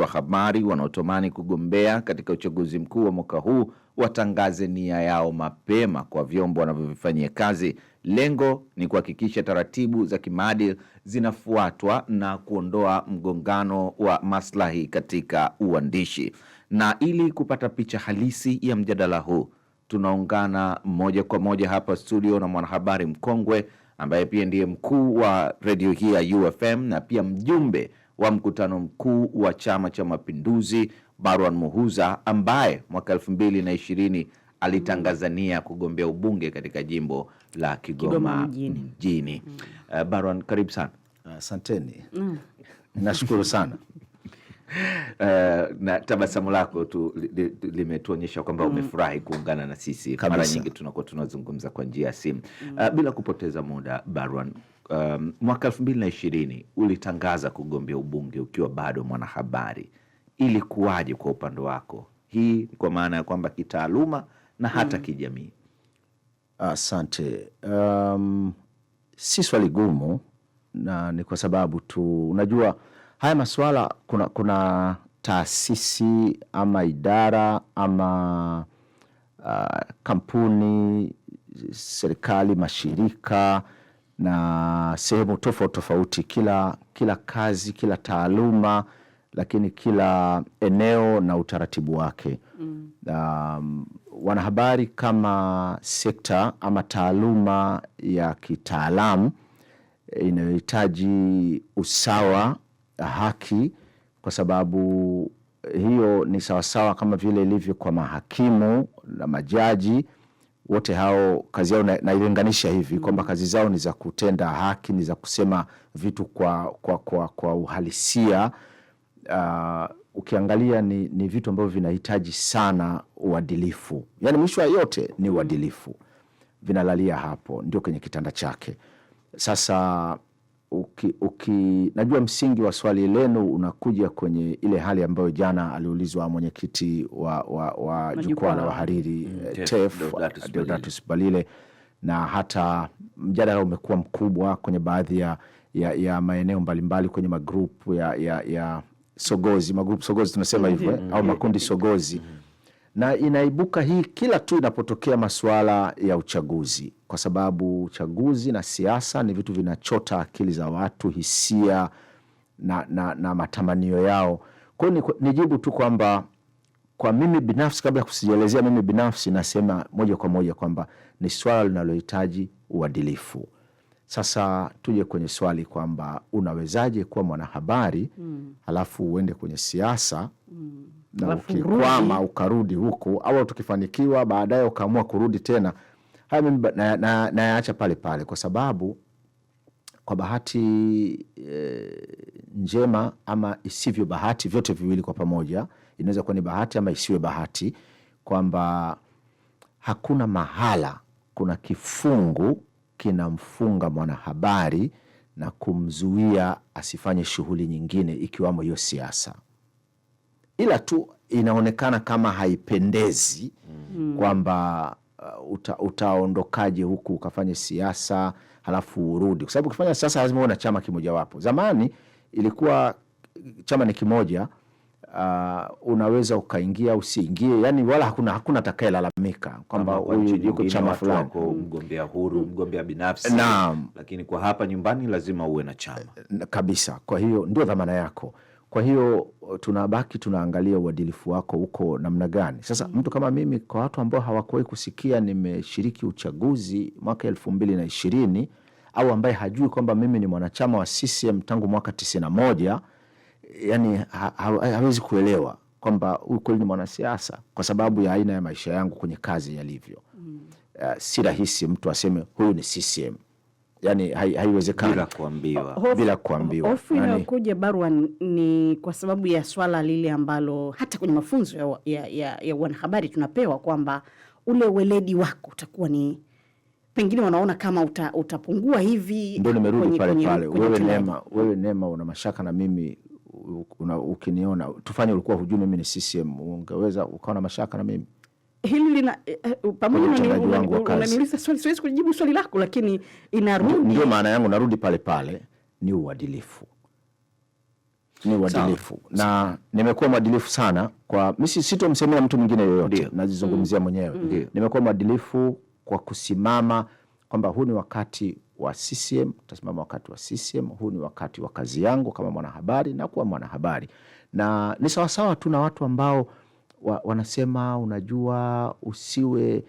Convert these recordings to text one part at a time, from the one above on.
wa habari wanaotamani kugombea katika uchaguzi mkuu wa mwaka huu watangaze nia yao mapema kwa vyombo wanavyovifanyia kazi. Lengo ni kuhakikisha taratibu za kimaadili zinafuatwa na kuondoa mgongano wa maslahi katika uandishi. Na ili kupata picha halisi ya mjadala huu, tunaungana moja kwa moja hapa studio na mwanahabari mkongwe ambaye pia ndiye mkuu wa redio hii ya UFM na pia mjumbe wa mkutano mkuu wa Chama cha Mapinduzi Barwan Muhuza ambaye mwaka elfu mbili na ishirini alitangaza nia kugombea ubunge katika jimbo la Kigoma, Kigoma mjini, mjini. Mm. Uh, eh, Barwan karibu sana asanteni. Uh, mm. nashukuru sana Uh, na tabasamu lako tu limetuonyesha li, li kwamba mm. umefurahi kuungana na sisi. Mara nyingi tunakuwa tunazungumza kwa njia ya simu mm. uh, bila kupoteza muda Barwan um, mwaka elfu mbili na ishirini ulitangaza kugombea ubunge ukiwa bado mwanahabari. Ilikuwaje kwa upande wako? Hii kwa maana ya kwamba kitaaluma na hata mm. kijamii. Asante. Um, si swali gumu na ni kwa sababu tu unajua haya masuala kuna, kuna taasisi ama idara ama uh, kampuni, serikali, mashirika na sehemu tofauti tofauti, kila, kila kazi, kila taaluma, lakini kila eneo na utaratibu wake mm. Um, wanahabari kama sekta ama taaluma ya kitaalamu inayohitaji usawa, haki, kwa sababu hiyo ni sawasawa kama vile ilivyo kwa mahakimu na majaji wote hao kazi yao nailinganisha na hivi kwamba mm. kazi zao ni za kutenda haki, ni za kusema vitu kwa, kwa, kwa, kwa uhalisia uh, ukiangalia ni, ni vitu ambavyo vinahitaji sana uadilifu. yani mwisho wa yote ni mm. uadilifu, vinalalia hapo, ndio kwenye kitanda chake sasa uki, uki, najua msingi wa swali lenu unakuja kwenye ile hali ambayo jana aliulizwa mwenyekiti wa, wa, wa jukwaa la wahariri mm, eh, TEF Deodatus Balile, na hata mjadala umekuwa mkubwa kwenye baadhi ya, ya, ya maeneo mbalimbali kwenye magrupu ya, ya, ya sogozi magrupu sogozi tunasema hivyo eh, mm, au mm, makundi mm, sogozi mm na inaibuka hii kila tu inapotokea masuala ya uchaguzi, kwa sababu uchaguzi na siasa ni vitu vinachota akili za watu, hisia na, na, na matamanio yao. Kwa hiyo nijibu tu kwamba kwa mimi binafsi, kabla ya kusijielezea mimi binafsi, nasema moja kwa moja kwamba ni swala linalohitaji uadilifu. Sasa tuje kwenye swali kwamba unawezaje kuwa mwanahabari mm. halafu uende kwenye siasa mm na ukikwama ukarudi huku au tukifanikiwa baadaye ukaamua kurudi tena, haya mimi nayaacha pale pale, kwa sababu kwa bahati e, njema ama isivyo bahati, vyote viwili kwa pamoja, inaweza kuwa ni bahati ama isiwe bahati, kwamba hakuna mahala kuna kifungu kinamfunga mwanahabari na kumzuia asifanye shughuli nyingine ikiwamo hiyo siasa ila tu inaonekana kama haipendezi mm. kwamba uh, utaondokaje huku ukafanye siasa halafu urudi, kwa sababu ukifanya siasa lazima uwe na chama kimojawapo. Zamani ilikuwa chama ni kimoja uh, unaweza ukaingia usiingie, yani wala hakuna hakuna atakayelalamika kwamba huyu yuko chama fulani, mgombea huru, mm. mgombea binafsi. na, lakini kwa hapa nyumbani lazima uwe na chama kabisa. Kwa hiyo ndio dhamana yako. Kwa hiyo tunabaki tunaangalia uadilifu wako uko namna gani. Sasa mm-hmm. mtu kama mimi, kwa watu ambao hawakuwahi kusikia nimeshiriki uchaguzi mwaka elfu mbili na ishirini au ambaye hajui kwamba mimi ni mwanachama wa CCM tangu mwaka tisini na moja yani ha ha hawezi kuelewa kwamba huyu kweli ni mwanasiasa kwa sababu ya aina ya maisha yangu kwenye kazi yalivyo. Mm. Uh, si rahisi mtu aseme huyu ni CCM yani haiwezekani bila kuambiwa, bila kuambiwa. Hofu yaani- inayokuja barua ni kwa sababu ya swala lile ambalo hata kwenye mafunzo ya, ya, ya, ya wanahabari tunapewa kwamba ule weledi wako utakuwa ni pengine wanaona kama uta, utapungua hivi. Ndio nimerudi pale pale, wewe Neema, wewe Neema una mashaka na mimi una, ukiniona tufanye ulikuwa hujui mimi ni CCM, ungeweza ukawa na mashaka na mimi hili lina eh, eh, pamoja na unaniuliza swali, siwezi kujibu swali lako, lakini inarudi, ndio maana yangu narudi pale pale, ni uadilifu, ni uadilifu na nimekuwa mwadilifu sana kwa mimi, sitomsemea mtu mwingine yoyote, najizungumzia mm. mwenyewe mm. Nimekuwa mwadilifu kwa kusimama kwamba huu ni wakati wa CCM, tutasimama wakati wa CCM, huu ni wakati wa kazi yangu kama mwanahabari na kuwa mwanahabari, na ni sawasawa tu na watu ambao wa, wanasema unajua usiwe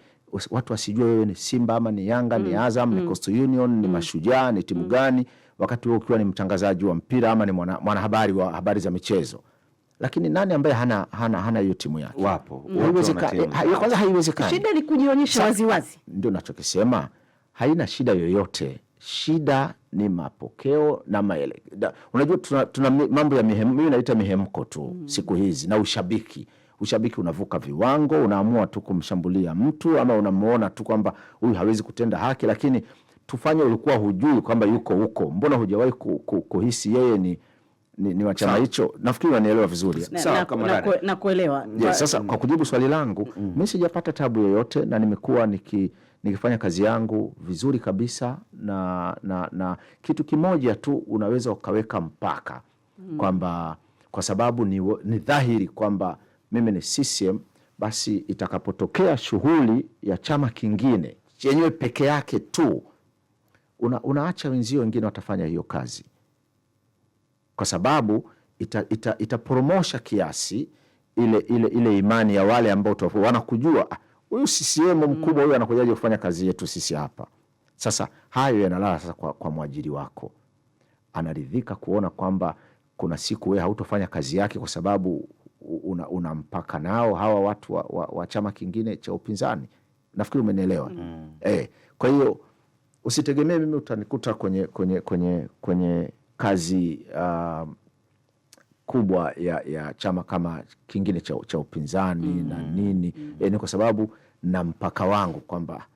watu wasijue wewe ni Simba ama ni Yanga mm. ni Azam mm. ni Coastal Union mm. ni Mashujaa ni timu mm. gani, wakati wewe ukiwa ni mtangazaji wa mpira ama ni mwanahabari mwana wa habari za michezo. Lakini nani ambaye hana hana hana hiyo timu yake? Wapo mm. kwanza, haiwezekani. Shida ni kujionyesha waziwazi, ndio nachokisema. Haina shida yoyote, shida ni mapokeo na maele. Unajua tuna, tuna mambo ya mimi naita mihemko tu mm. siku hizi na ushabiki ushabiki unavuka viwango, unaamua tu kumshambulia mtu ama unamwona tu kwamba huyu hawezi kutenda haki, lakini tufanye ulikuwa hujui kwamba yuko huko, mbona hujawahi kuhisi yeye ni ni, ni wachama hicho. Nafikiri unanielewa vizuri na, na, na, na yes. Sasa kwa kujibu swali langu mm. mi sijapata tabu yoyote na nimekuwa niki, nikifanya kazi yangu vizuri kabisa na, na, na kitu kimoja tu unaweza ukaweka mpaka mm. kwamba kwa sababu ni, ni dhahiri kwamba mimi ni CCM, basi itakapotokea shughuli ya chama kingine chenyewe peke yake tu una, unaacha wenzio wengine watafanya hiyo kazi, kwa sababu itapromosha ita, ita kiasi ile, ile, ile imani ya wale ambao wanakujua ah, huyu CCM mkubwa huyu mm. anakujaje kufanya kazi yetu sisi hapa. Sasa hayo yanalala sasa kwa, kwa mwajiri wako, anaridhika kuona kwamba kuna siku wewe hautofanya kazi yake kwa sababu unampaka una nao hawa watu wa, wa, wa chama kingine cha upinzani. Nafikiri umenielewa mm. Eh, kwa hiyo usitegemee mimi utanikuta kwenye, kwenye, kwenye, kwenye kazi uh, kubwa ya, ya chama kama kingine cha, cha upinzani mm. na nini mm. Eh, ni kwa sababu na mpaka wangu kwamba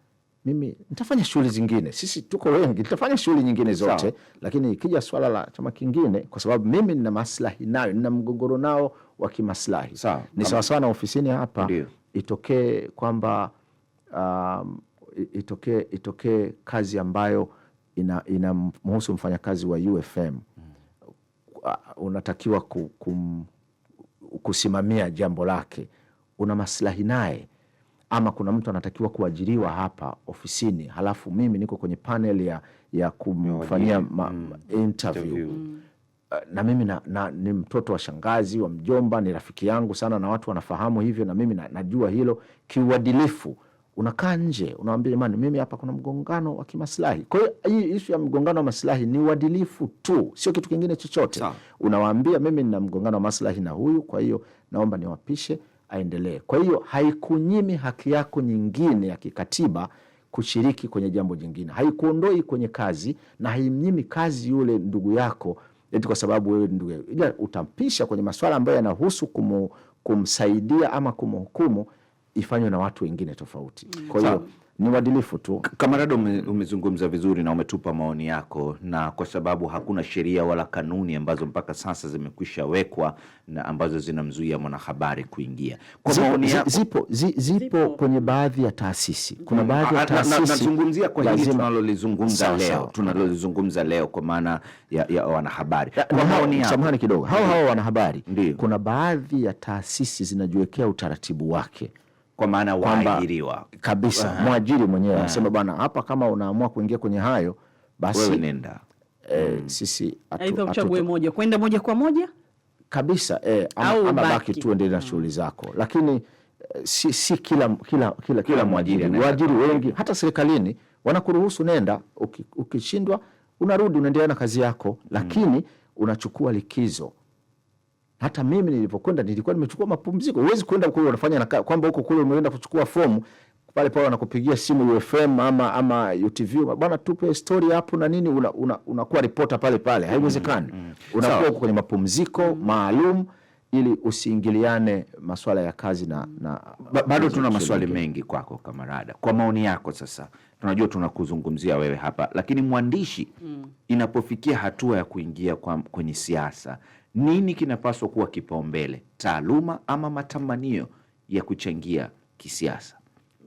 mimi nitafanya shughuli zingine. Sisi tuko wengi, tutafanya shughuli nyingine zote Sao. Lakini ikija swala la chama kingine, kwa sababu mimi nina maslahi nayo, nina mgogoro nao wa kimaslahi. Ni sawasawa na ofisini hapa itokee kwamba um, itokee itokee kazi ambayo inamhusu ina mfanyakazi wa UFM hmm. Unatakiwa ku, kum, kusimamia jambo lake, una maslahi naye ama kuna mtu anatakiwa kuajiriwa hapa ofisini, halafu mimi niko kwenye panel ya, ya kumfanyia mm, interview, interview. Mm. Eh, na mimi na, na, ni mtoto wa shangazi wa mjomba, ni rafiki yangu sana na watu wanafahamu hivyo, na mimi na, najua hilo kiuadilifu unakaa nje, unawambia jamani, mimi hapa kuna mgongano wa kimaslahi. Kwa hiyo hii ishu ya mgongano wa maslahi ni uadilifu tu, sio kitu kingine chochote. Unawaambia mimi nina mgongano wa maslahi na huyu, kwa hiyo naomba niwapishe aendelee. Kwa hiyo haikunyimi haki yako nyingine ya kikatiba kushiriki kwenye jambo jingine, haikuondoi kwenye kazi na haimnyimi kazi yule ndugu yako eti kwa sababu wewe ndugu yako, ila utampisha kwenye maswala ambayo yanahusu kumu, kumsaidia ama kumhukumu ifanywe na watu wengine tofauti. Mm. Kwa hiyo ni uadilifu tu. Kamarado, umezungumza vizuri na umetupa maoni yako, na kwa sababu hakuna sheria wala kanuni ambazo mpaka sasa zimekwisha wekwa na ambazo zinamzuia mwanahabari kuingia kwa zipo, maoni yako... zipo, zipo, zipo kwenye baadhi ya taasisi, kuna mm. baadhi ya ah, taasisi nazungumzia kwa hili tunalolizungumza leo, tunalolizungumza leo kwa maana ya, ya wanahabari. Samahani kidogo, hao hao wanahabari, kuna baadhi ya taasisi zinajiwekea utaratibu wake kwa maana waajiriwa kabisa, mwajiri mwenyewe anasema bwana, hapa kama unaamua kuingia kwenye hayo basi nenda. E, sisi uchague moja kwenda moja kwa moja kabisa eh, ama, ama baki tu endelee na hmm. shughuli zako, lakini eh, si, si kila, kila, kila, kila mwajiri waajiri wengi hata serikalini wanakuruhusu nenda, ukishindwa unarudi unaendelea na kazi yako, hmm. lakini unachukua likizo hata mimi nilivyokwenda nilikuwa nimechukua mapumziko. Huwezi kwenda kule unafanya na kwamba huko kule umeenda kuchukua fomu pale pale wanakupigia simu UFM ama ama UTV, bwana tupe stori hapo na nini, unakuwa una, una ripota pale pale. Haiwezekani. mm, mm. mm. Unakuwa so, kwenye mapumziko maalum ili usiingiliane maswala ya kazi na, na ba, bado tuna maswali mengi kwako kamarada. Kwa maoni yako sasa, tunajua tunakuzungumzia wewe hapa, lakini mwandishi mm. inapofikia hatua ya kuingia kwa, kwenye siasa nini kinapaswa kuwa kipaumbele, taaluma ama matamanio ya kuchangia kisiasa?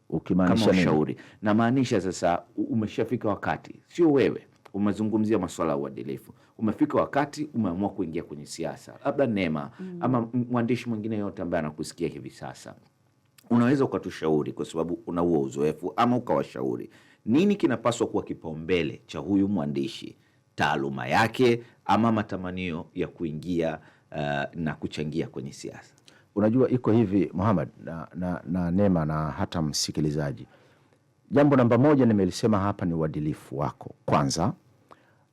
Ukimaanisha kama ushauri, namaanisha sasa, umeshafika wakati, sio wewe umezungumzia masuala ya uadilifu, umefika wakati, umeamua kuingia kwenye siasa, labda Neema mm, ama mwandishi mwingine yote ambaye anakusikia hivi sasa, unaweza ukatushauri kwa sababu una huo uzoefu, ama ukawashauri nini kinapaswa kuwa kipaumbele cha huyu mwandishi taaluma yake ama matamanio ya kuingia uh, na kuchangia kwenye siasa. Unajua iko hivi Muhammad na, na, na Nema na hata msikilizaji, jambo namba moja nimelisema hapa ni uadilifu wako kwanza,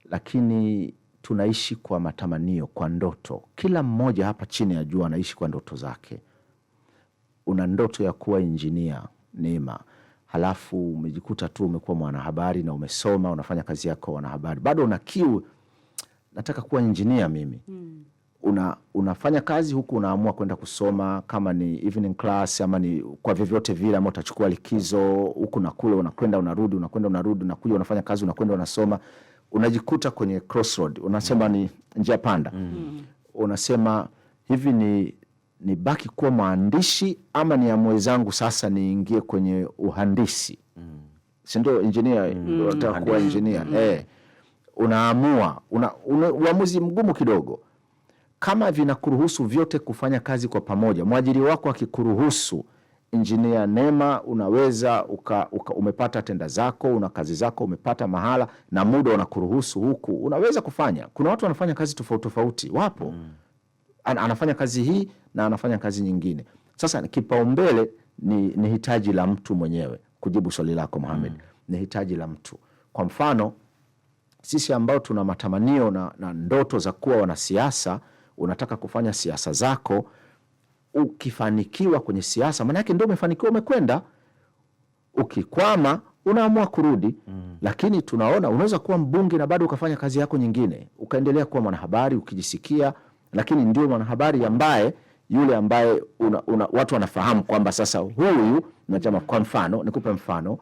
lakini tunaishi kwa matamanio, kwa ndoto. Kila mmoja hapa chini ya jua anaishi kwa ndoto zake. Una ndoto ya kuwa injinia Neema, halafu umejikuta tu umekuwa mwanahabari na umesoma unafanya kazi yako wanahabari, bado una kiu, nataka kuwa injinia mimi mm. Una, unafanya kazi huku unaamua kwenda kusoma kama ni evening class ama ni kwa vyovyote vile, ama utachukua likizo huku na kule, unakwenda unarudi, unakwenda unarudi, unakuja unafanya kazi, unakwenda unasoma, unajikuta kwenye crossroad, unasema hmm. ni njia panda mm. Unasema hivi ni nibaki kuwa mwandishi ama niamue zangu sasa niingie kwenye uhandisi mm. sindio ndio mm. unataka kuwa engineer mm. eh, unaamua una, una, uamuzi mgumu kidogo kama vinakuruhusu vyote kufanya kazi kwa pamoja. Mwajiri wako akikuruhusu injinia Nema, unaweza uka, uka, umepata tenda zako, una kazi zako, umepata mahala na muda unakuruhusu huku, unaweza kufanya. Kuna watu wanafanya kazi tofauti tofauti, wapo mm an, anafanya kazi hii na anafanya kazi nyingine. Sasa kipaumbele ni, ni hitaji la mtu mwenyewe. Kujibu swali lako Mohamed, mm. ni hitaji la mtu. Kwa mfano sisi ambao tuna matamanio na, na ndoto za kuwa wanasiasa, unataka kufanya siasa zako, ukifanikiwa kwenye siasa maana yake ndio umefanikiwa, umekwenda. Ukikwama unaamua kurudi mm. Lakini tunaona unaweza kuwa mbunge na bado ukafanya kazi yako nyingine, ukaendelea kuwa mwanahabari ukijisikia lakini ndio mwanahabari ambaye yule ambaye una, una, watu wanafahamu kwamba sasa huyu nachama. Kwa mfano nikupe mfano uh,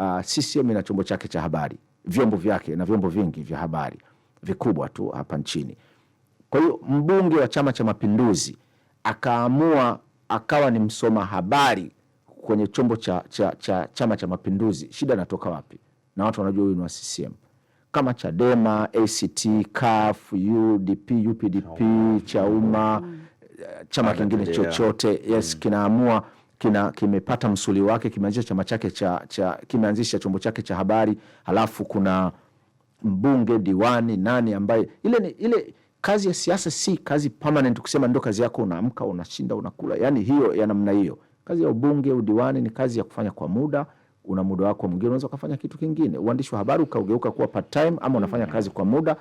ah, CCM ina chombo chake cha habari, vyombo vyake na vyombo vingi vya habari vikubwa tu hapa nchini. Kwa hiyo mbunge wa Chama cha Mapinduzi akaamua akawa ni msoma habari kwenye chombo cha, cha, cha Chama cha Mapinduzi, shida anatoka wapi? Na watu wanajua huyu ni wa CCM kama Chadema, ACT, CUF, UDP, UPDP, Chauma, chama kingine chochote yes, mm. kinaamua kina kimepata msuli wake, kimeanzisha chama chake cha, cha kimeanzisha chombo chake cha habari, halafu kuna mbunge, diwani, nani ambaye ile ni, ile kazi ya siasa si kazi permanent, kusema ndo kazi yako, unaamka unashinda unakula, yani hiyo ya namna hiyo. Kazi ya ubunge, udiwani ni kazi ya kufanya kwa muda una muda wako mwingine, unaweza ukafanya kitu kingine. Uandishi wa habari ukaugeuka kuwa part time, ama unafanya mm. kazi kwa muda,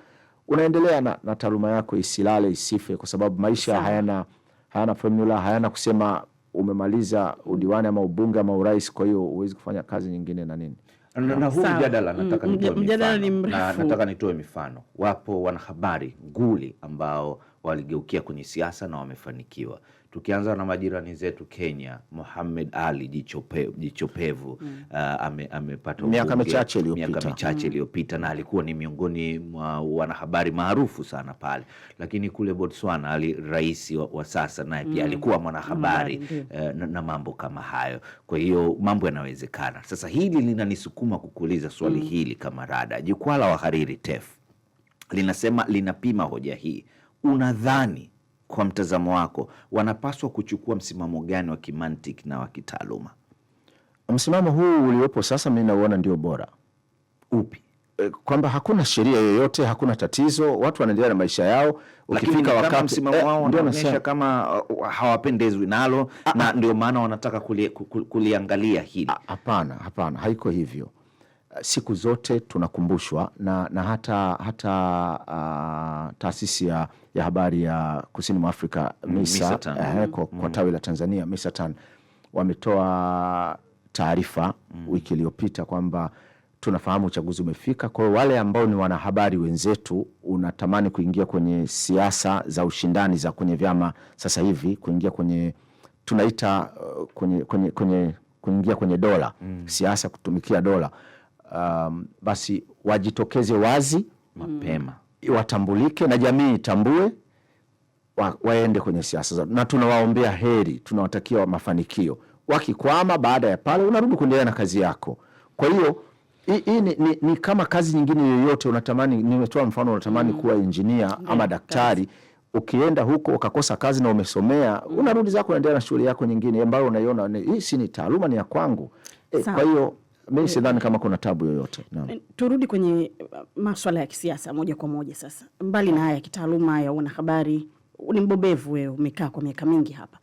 unaendelea na, na taaluma yako isilale, isife, kwa sababu maisha Sama. hayana hayana formula, hayana kusema umemaliza udiwani ama ubunge ama urais, kwa hiyo huwezi kufanya kazi nyingine na nini na, na huu mjadala mm, nataka nitoe mifano, na nataka nitoe mifano. Wapo wanahabari nguli ambao waligeukia kwenye siasa na wamefanikiwa. Tukianza na majirani zetu Kenya, muhamed Ali jichope, jichopevu mm. uh, ame, miaka michache mm. iliyopita mm. na alikuwa ni miongoni mwa wanahabari maarufu sana pale, lakini kule Botswana ali rais wa, wa sasa naye pia mm. alikuwa mwanahabari mm. uh, na, na mambo kama hayo. Kwa hiyo mambo yanawezekana. Sasa hili linanisukuma kukuuliza swali mm. hili kama rada. Jukwaa la wahariri TEF linasema linapima hoja hii unadhani kwa mtazamo wako wanapaswa kuchukua msimamo gani wa kimantiki na wa kitaaluma? Msimamo huu uliopo sasa, mi nauona ndio bora. Upi? E, kwamba hakuna sheria yoyote, hakuna tatizo, watu wanaendelea na maisha yao. Ukifika wakati msimamo eh, wao unaonyesha kama uh, uh, hawapendezwi nalo, na ndio maana wanataka kuliangalia hili. Hapana, hapana, haiko hivyo. Eh, siku zote tunakumbushwa na, na hata, hata uh, taasisi ya, ya habari ya kusini mwa Afrika mm, MISA, MISA eh, eh, kwa, mm. kwa tawi la Tanzania TAN wametoa taarifa mm. wiki iliyopita kwamba tunafahamu uchaguzi umefika. Kwa hiyo wale ambao ni wanahabari wenzetu, unatamani kuingia kwenye siasa za ushindani za kwenye vyama sasa hivi, kuingia kwenye tunaita eh, kwenye, kwenye, kwenye, kuingia kwenye dola mm. siasa kutumikia dola um, basi wajitokeze wazi mapema, mm. watambulike na jamii itambue, wa, waende kwenye siasa zao, na tunawaombea heri, tunawatakia mafanikio. Wakikwama baada ya pale, unarudi kuendelea na kazi yako. Kwa hiyo hii ni, ni, ni kama kazi nyingine yoyote unatamani. Nimetoa mfano, unatamani mm. kuwa injinia ama daktari kazi. Ukienda huko ukakosa kazi na umesomea mm. unarudi zako, unaendelea na shughuli yako nyingine ambayo unaiona hii si ni taaluma, ni ya kwangu e, kwa hiyo mi eh, sidhani kama kuna tabu yoyote no. Eh, turudi kwenye uh, maswala ya kisiasa moja kwa moja sasa, mbali na haya ya kitaaluma ya wanahabari, ni mbobevu wewe, umekaa kwa miaka mingi hapa.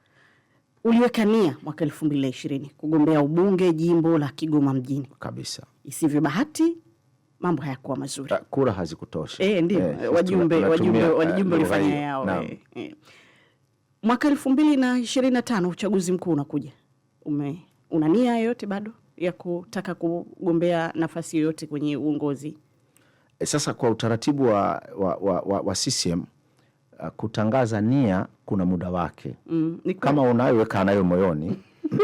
Uliweka nia mwaka elfu mbili na ishirini kugombea ubunge jimbo la Kigoma mjini kabisa. Isivyo bahati mambo hayakuwa mazuri, eh, kura hazikutosha. E, ndio e, wajumbe wajumbe walifanya yao e, e. Mwaka elfu mbili na ishirini na tano uchaguzi mkuu unakuja, una nia yoyote bado? ya kutaka kugombea nafasi yoyote kwenye uongozi. E, sasa kwa utaratibu wa, wa, wa, wa, wa CCM uh, kutangaza nia kuna muda wake mm, kama unayoweka anayo moyoni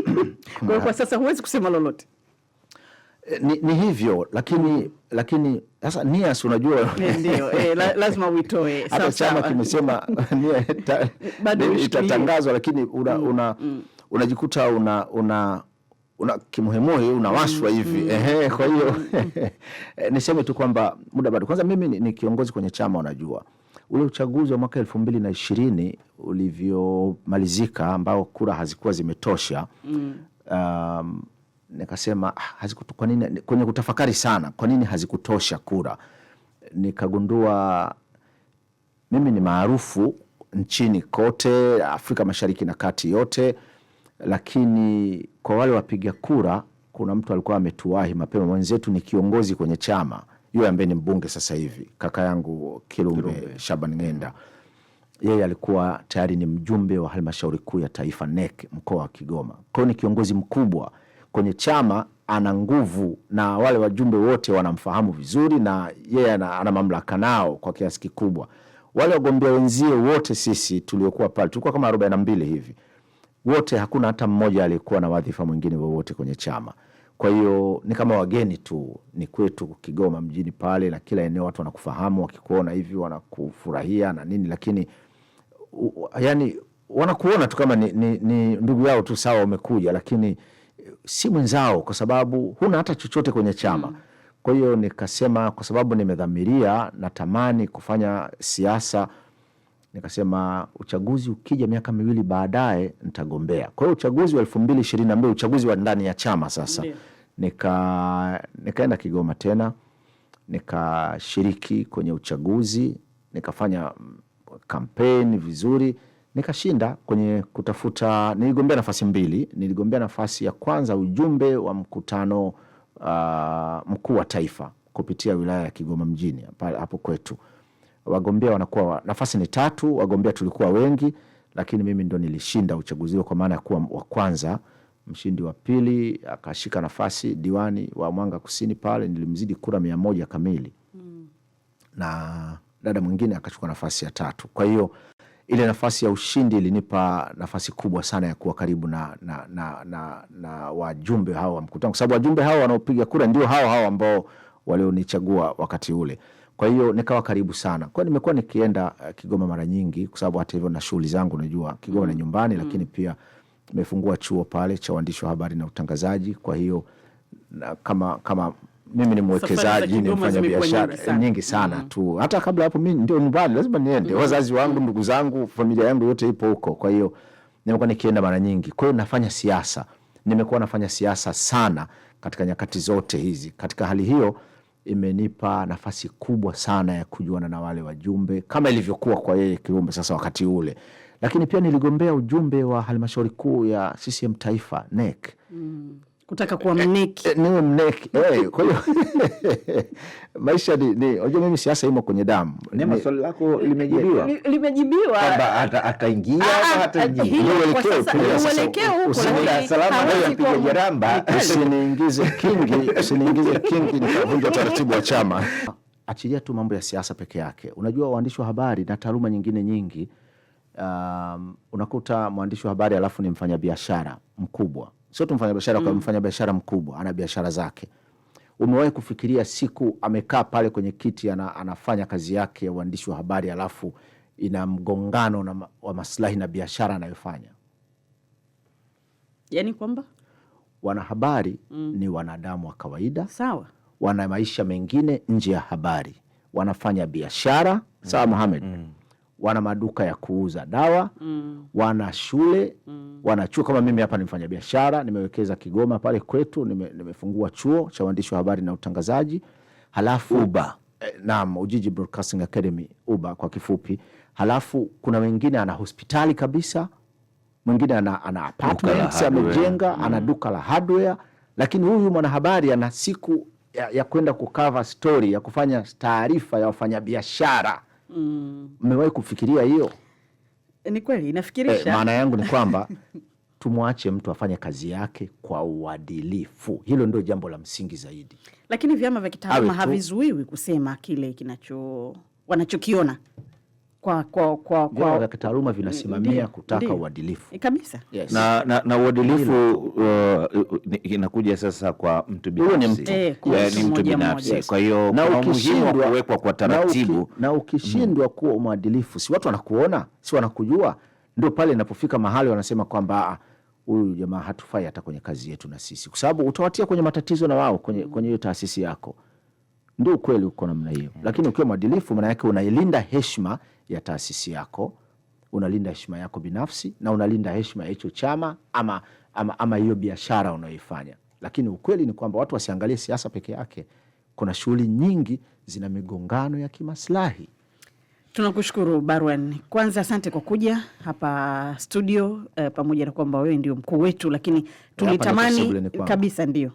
kwa, kwa sasa huwezi kusema lolote. E, ni, ni hivyo lakini mm. lakini sasa nia si unajua, e, lazima uitoe. Hata chama kimesema itatangazwa, lakini mm, mm. unajikuta una, una, una, una una kimuhemuhe unawashwa mm-hmm. hivi mm. Ehe, kwa hiyo eh, niseme tu kwamba muda bado. Kwanza mimi ni, ni kiongozi kwenye chama, unajua ule uchaguzi wa mwaka elfu mbili na ishirini ulivyomalizika ambao kura hazikuwa zimetosha mm. um, nikasema ah, hazikutu, kwa nini, kwenye kutafakari sana, kwa nini hazikutosha kura, nikagundua mimi ni maarufu nchini kote Afrika Mashariki na Kati yote lakini kwa wale wapiga kura, kuna mtu alikuwa ametuwahi mapema, mwenzetu ni kiongozi kwenye chama yule ambaye ni mbunge sasa hivi, kaka yangu Kilumbe Shaban Ngenda, yeye alikuwa tayari ni mjumbe wa halmashauri kuu ya taifa NEC mkoa wa Kigoma. Kwa hiyo ni kiongozi mkubwa kwenye chama, ana nguvu na wale wajumbe wote wanamfahamu vizuri, na yeye ana, ana mamlaka nao kwa kiasi kikubwa. Wale wagombea wenzie wote sisi tuliokuwa pale tulikuwa kama arobaini na mbili hivi wote, hakuna hata mmoja aliyekuwa na wadhifa mwingine wowote kwenye chama. Kwa hiyo ni kama wageni tu, ni kwetu Kigoma mjini pale, na kila eneo watu wanakufahamu, wakikuona hivi wanakufurahia na nini, lakini yani wanakuona tu kama ni, ni, ni ndugu yao tu, sawa, wamekuja, lakini si mwenzao, kwa sababu huna hata chochote kwenye chama mm. Kwa hiyo nikasema, kwa sababu nimedhamiria, natamani kufanya siasa nikasema uchaguzi ukija miaka miwili baadaye ntagombea Kwa hiyo uchaguzi wa elfu mbili ishirini na mbili uchaguzi wa ndani ya chama sasa, nika nikaenda Kigoma tena nikashiriki kwenye uchaguzi, nikafanya kampeni vizuri, nikashinda kwenye kutafuta. Niligombea nafasi mbili, niligombea nafasi ya kwanza ujumbe wa mkutano uh, mkuu wa taifa kupitia wilaya ya Kigoma mjini hapo kwetu wagombea wanakuwa nafasi ni tatu, wagombea tulikuwa wengi, lakini mimi ndo nilishinda uchaguzi huo kwa maana ya kuwa wa kwanza. Mshindi wa pili akashika nafasi diwani wa Mwanga Kusini pale, nilimzidi kura mia moja kamili mm. na dada mwingine akachukua nafasi ya tatu. Kwa hiyo ile nafasi ya ushindi ilinipa nafasi kubwa sana ya kuwa karibu na, na, na, na, na wajumbe hao wa mkutano, kwa sababu wajumbe hao wanaopiga kura ndio hao hao ambao walionichagua wakati ule. Kwa hiyo nikawa karibu sana. Kwa hiyo nimekuwa nikienda uh, Kigoma mara nyingi kwa sababu hata hivyo na shughuli zangu najua Kigoma na mm. nyumbani mm. Lakini pia nimefungua chuo pale cha uandishi wa habari na utangazaji. Kwa hiyo na, kama kama mimi ni mwekezaji ni mfanya biashara nyingi sana, nyingi sana mm. tu hata kabla hapo mimi ndio nyumbani lazima niende mm. wazazi wangu mm. ndugu zangu familia yangu yote ipo huko. Kwa hiyo nimekuwa nikienda mara nyingi. Kwa hiyo nafanya siasa, nimekuwa nafanya siasa sana katika nyakati zote hizi. Katika hali hiyo imenipa nafasi kubwa sana ya kujuana na wale wajumbe kama ilivyokuwa kwa yeye kiumbe sasa wakati ule, lakini pia niligombea ujumbe wa halmashauri kuu ya CCM taifa NEC mm kutaka kuwa eh, eh, mneki eh, niwe mneki hey, kwa hiyo maisha ni, ni unajua mimi siasa imo kwenye damu. Nema, swali lako limejibiwa, limejibiwa kwamba ataingia tu mambo ya siasa unajua wa habari na taaluma nyingine nyingi. Um, unakuta mwandishi wa habari ni mkubwa sio tu mfanyabiashara mm. kwa mfanyabiashara mkubwa ana biashara zake. Umewahi kufikiria siku amekaa pale kwenye kiti ana, anafanya kazi yake ya uandishi wa habari alafu ina mgongano na, wa maslahi na biashara anayofanya? Yani kwamba wanahabari mm. ni wanadamu wa kawaida sawa, wana maisha mengine nje ya habari, wanafanya biashara mm. sawa, Mohamed mm wana maduka ya kuuza dawa mm. wana shule mm. wana chuo. Kama mimi hapa ni mfanyabiashara, nimewekeza Kigoma pale kwetu, nime, nimefungua chuo cha uandishi wa habari na utangazaji, halafu Uba eh, naam, Ujiji Broadcasting Academy Uba kwa kifupi. Halafu kuna wengine ana hospitali kabisa, mwingine ana, ana apartment amejenga, mm. ana duka la hardware, lakini huyu mwanahabari ana siku ya, ya kwenda kukava story ya kufanya taarifa ya wafanyabiashara Mm. Mmewahi mm. kufikiria hiyo? Ni kweli inafikirisha. Eh, maana yangu ni kwamba tumwache mtu afanye kazi yake kwa uadilifu. Hilo ndio jambo la msingi zaidi. Lakini vyama vya kitaaluma havizuiwi kusema kile kinacho wanachokiona kwa, kwa, kwa, kwa... kwa kitaaluma vinasimamia kutaka uadilifu eh, kabisa. Yes. Na, na, na uadilifu uh, inakuja sasa kwa mtu binafsi e, ni mtu eh, eh, binafsi. Kwa hiyo na ukishindwa kuwekwa kwa taratibu na ukishindwa mm, kuwa mwadilifu, si watu wanakuona, si wanakujua, ndio pale inapofika mahali wanasema kwamba ah, huyu jamaa hatufai hata kwenye kazi yetu na sisi, kwa sababu utawatia kwenye matatizo na wao kwenye hiyo taasisi yako. Ndio ukweli uko namna hiyo, mm. lakini ukiwa mwadilifu, maana yake unailinda heshima ya taasisi yako, unalinda heshima yako binafsi na unalinda heshima ya hicho chama ama, ama, ama hiyo biashara unayoifanya. Lakini ukweli ni kwamba watu wasiangalie siasa peke yake. Kuna shughuli nyingi zina migongano ya kimaslahi. Tunakushukuru Barwan, kwanza asante kwa kuja hapa studio eh, pamoja na kwamba wewe ndio mkuu wetu, lakini tulitamani kabisa, ndio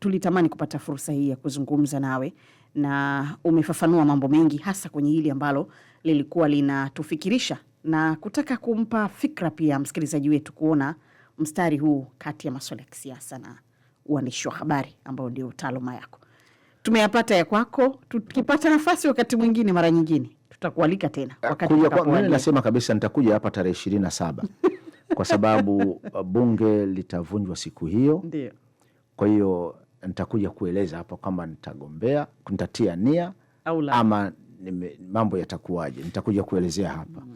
tulitamani kupata fursa hii ya kuzungumza nawe, na umefafanua mambo mengi hasa kwenye hili ambalo lilikuwa linatufikirisha na kutaka kumpa fikra pia msikilizaji wetu kuona mstari huu kati ya maswala ya kisiasa na uandishi wa habari ambayo ndio taaluma yako. Tumeyapata ya kwako, tukipata nafasi wakati mwingine, mara nyingine tutakualika tena. Ah, nasema kabisa nitakuja hapa tarehe ishirini na saba kwa sababu uh, bunge litavunjwa siku hiyo. Ndiyo. Kwa hiyo nitakuja kueleza hapa kwamba nitagombea, nitatia nia ama nime, mambo yatakuwaje, nitakuja kuelezea hapa.